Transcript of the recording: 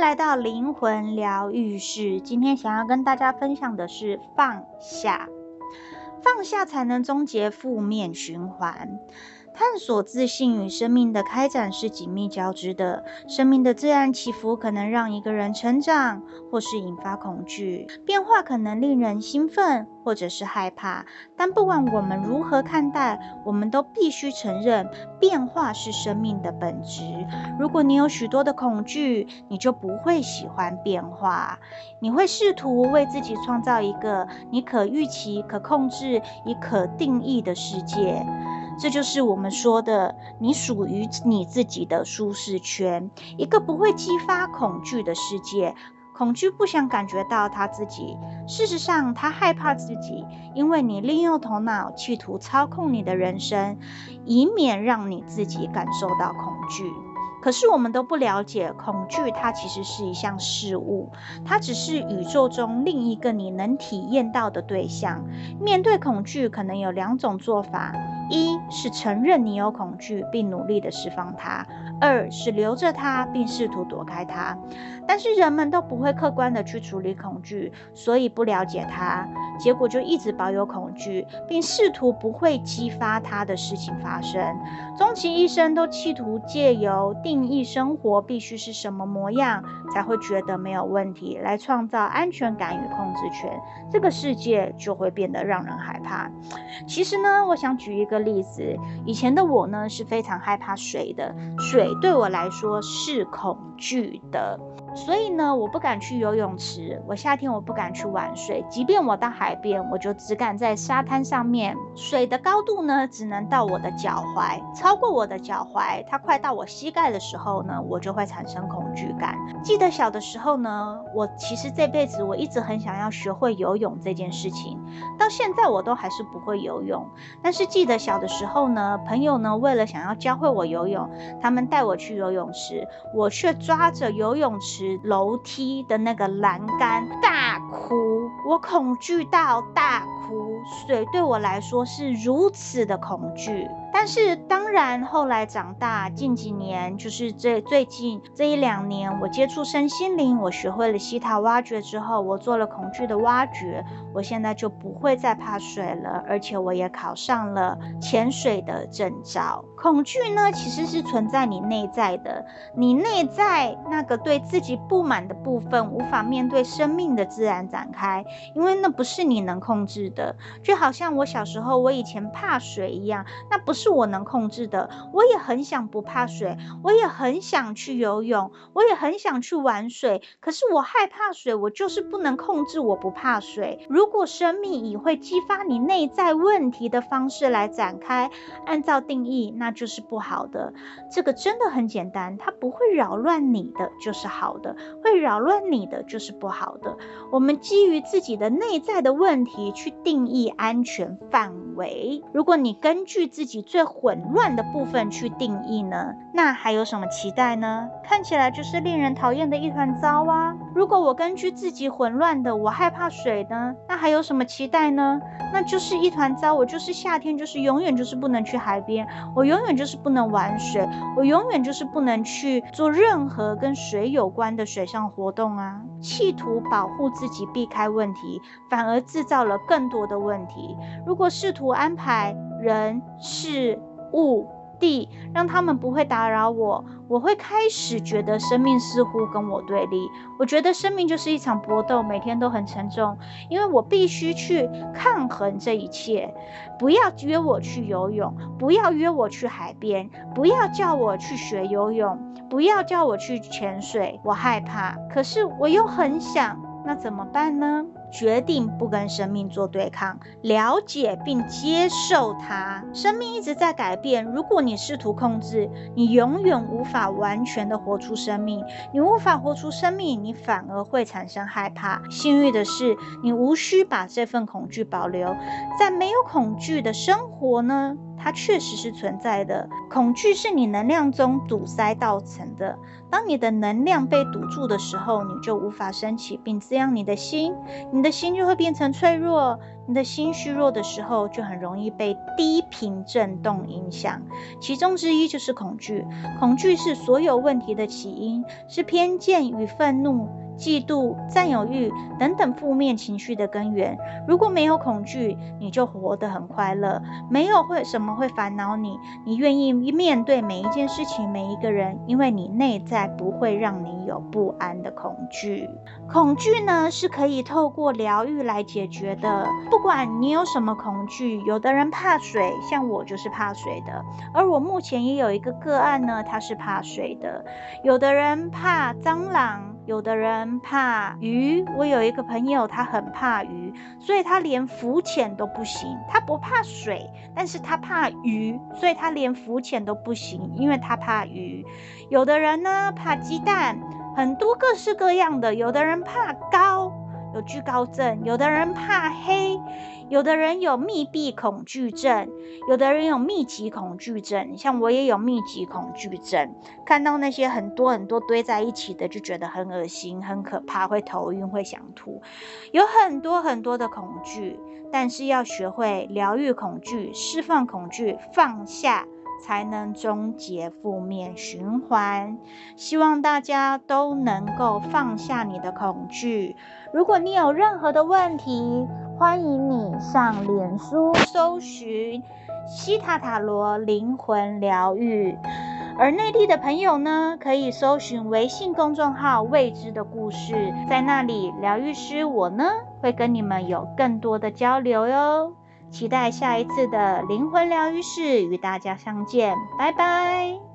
來到靈魂療癒室，今天想要跟大家分享的是放下，放下才能終結負面循環。探索自信與生命的開展是緊密交織的。生命的自然起伏可能讓一個人成長，或是引發恐懼。變化可能令人興奮，或者是害怕。但不管我們如何看待，我們都必須承認，變化是生命的本質。如果你有許多的恐懼，你就不會喜歡變化。你會試圖為自己創造一個你可預期、可控制、以可定義的世界。這就是我們說的，你屬於你自己的舒適圈，一個不會激發恐懼的世界。恐懼不想感覺到它自己，事實上，它害怕自己，因為你利用頭腦企圖操控你的人生，以免讓你自己感受到恐懼。可是我們都不了解，恐懼它其實是一項事物，它只是宇宙中另一個你能體驗到的對象。面對恐懼，可能有兩種做法。一是承認你有恐懼，並努力的釋放它；二是留着它，並試圖躲開它。但是人們都不會客觀的去處理恐懼，所以不了解它，結果就一直保有恐懼，並試圖不會激發它的事情發生。終其一生都企圖借由定義生活必須是什麼模樣，才會覺得沒有問題，來創造安全感與控制權。這個世界就會變得讓人害怕。其實呢，我想舉一個。例子，以前的我呢，是非常害怕水的，水對我來說是恐懼的。所以呢，我不敢去游泳池。我夏天我不敢去玩水，即便我到海邊，我就只敢在沙灘上面。水的高度呢，只能到我的腳踝。超過我的腳踝，它快到我膝蓋的時候呢，我就會產生恐懼感。記得小的時候呢，我其實這輩子我一直很想要學會游泳這件事情，到現在我都還是不會游泳。但是記得小的時候呢，朋友呢，為了想要教會我游泳，他們帶我去游泳池，我卻抓着游泳池，樓梯的那個欄杆，大哭，我恐懼到大哭，水對我來說是如此的恐懼。但是當然，後來長大，近幾年就是這最近這一兩年，我接觸身心靈，我學會了希塔挖掘之後，我做了恐懼的挖掘，我現在就不會再怕水了，而且我也考上了潛水的證照。恐懼呢，其實是存在你內在的，你內在那個對自己不滿的部分，無法面對生命的自然展開，因為那不是你能控制的。就好像我小時候，我以前怕水一樣，那不是。我能控制的，我也很想不怕水，我也很想去游泳，我也很想去玩水。可是我害怕水，我就是不能控制。我不怕水。如果生命以會激發你內在問題的方式來展開，按照定義，那就是不好的。這個真的很簡單，它不會擾亂你的就是好的，會擾亂你的就是不好的。我們基於自己的內在的問題去定義安全範圍。如果你根據自己最混亂的部分去定義呢？那還有什麼期待呢？看起來就是令人討厭的一團糟啊。如果我根據自己混亂的，我害怕水呢？那還有什麼期待呢？那就是一團糟。我就是夏天，就是永遠就是不能去海邊，我永遠就是不能玩水，我永遠就是不能去做任何跟水有關的水上活動啊。企圖保護自己避開問題，反而制造了更多的問題。如果試圖安排，人事物地，讓他們不會打擾我。我會開始覺得生命似乎跟我對立。我覺得生命就是一場搏鬥，每天都很沉重，因為我必須去抗衡這一切。不要約我去游泳，不要約我去海邊，不要叫我去學游泳，不要叫我去潛水。我害怕，可是我又很想。那怎麼辦呢？決定不跟生命做對抗，了解並接受它。生命一直在改變，如果你試圖控制，你永遠無法完全地活出生命。你無法活出生命，你反而會產生害怕。幸運的是，你無需把這份恐懼保留。在沒有恐懼的生活呢？它確實是存在的。恐懼是你能量中堵塞造成的。當你的能量被堵住的時候，你就無法升起並滋養你的心。你的心就會變成脆弱，你的心虛弱的時候，就很容易被低頻震動影響。其中之一就是恐懼，恐懼是所有問題的起因，是偏見與憤怒。嫉妒、佔有慾等等負面情緒的根源。如果沒有恐懼，你就活得很快樂，沒有會什麼會煩惱你，你願意面對每一件事情、每一個人，因為你內在不會讓你有不安的恐懼。恐懼呢，是可以透過療癒來解決的。不管你有什麼恐懼，有的人怕水，像我就是怕水的。而我目前也有一個個案呢，他是怕水的。有的人怕蟑螂。有的人怕魚，我有一個朋友，他很怕魚，所以他連浮潛都不行。他不怕水，但是他怕魚，所以他連浮潛都不行，因為他怕魚。有的人呢，怕雞蛋，很多各式各樣的。有的人怕高，有懼高症。有的人怕黑。有的人有密閉恐懼症，有的人有密集恐懼症，像我也有密集恐懼症，看到那些很多很多堆在一起的，就覺得很惡心、很可怕，會頭暈、會想吐，有很多很多的恐懼。但是要學會療癒恐懼、釋放恐懼、放下，才能終結負面循環。希望大家都能夠放下你的恐懼。如果你有任何的問題，歡迎你上臉書搜尋西塔塔羅靈魂療癒，而內地的朋友呢，可以搜尋微信公眾號“未知的故事”，在那裡療癒師我呢會跟你們有更多的交流喲。期待下一次的靈魂療癒室與大家相見，拜拜。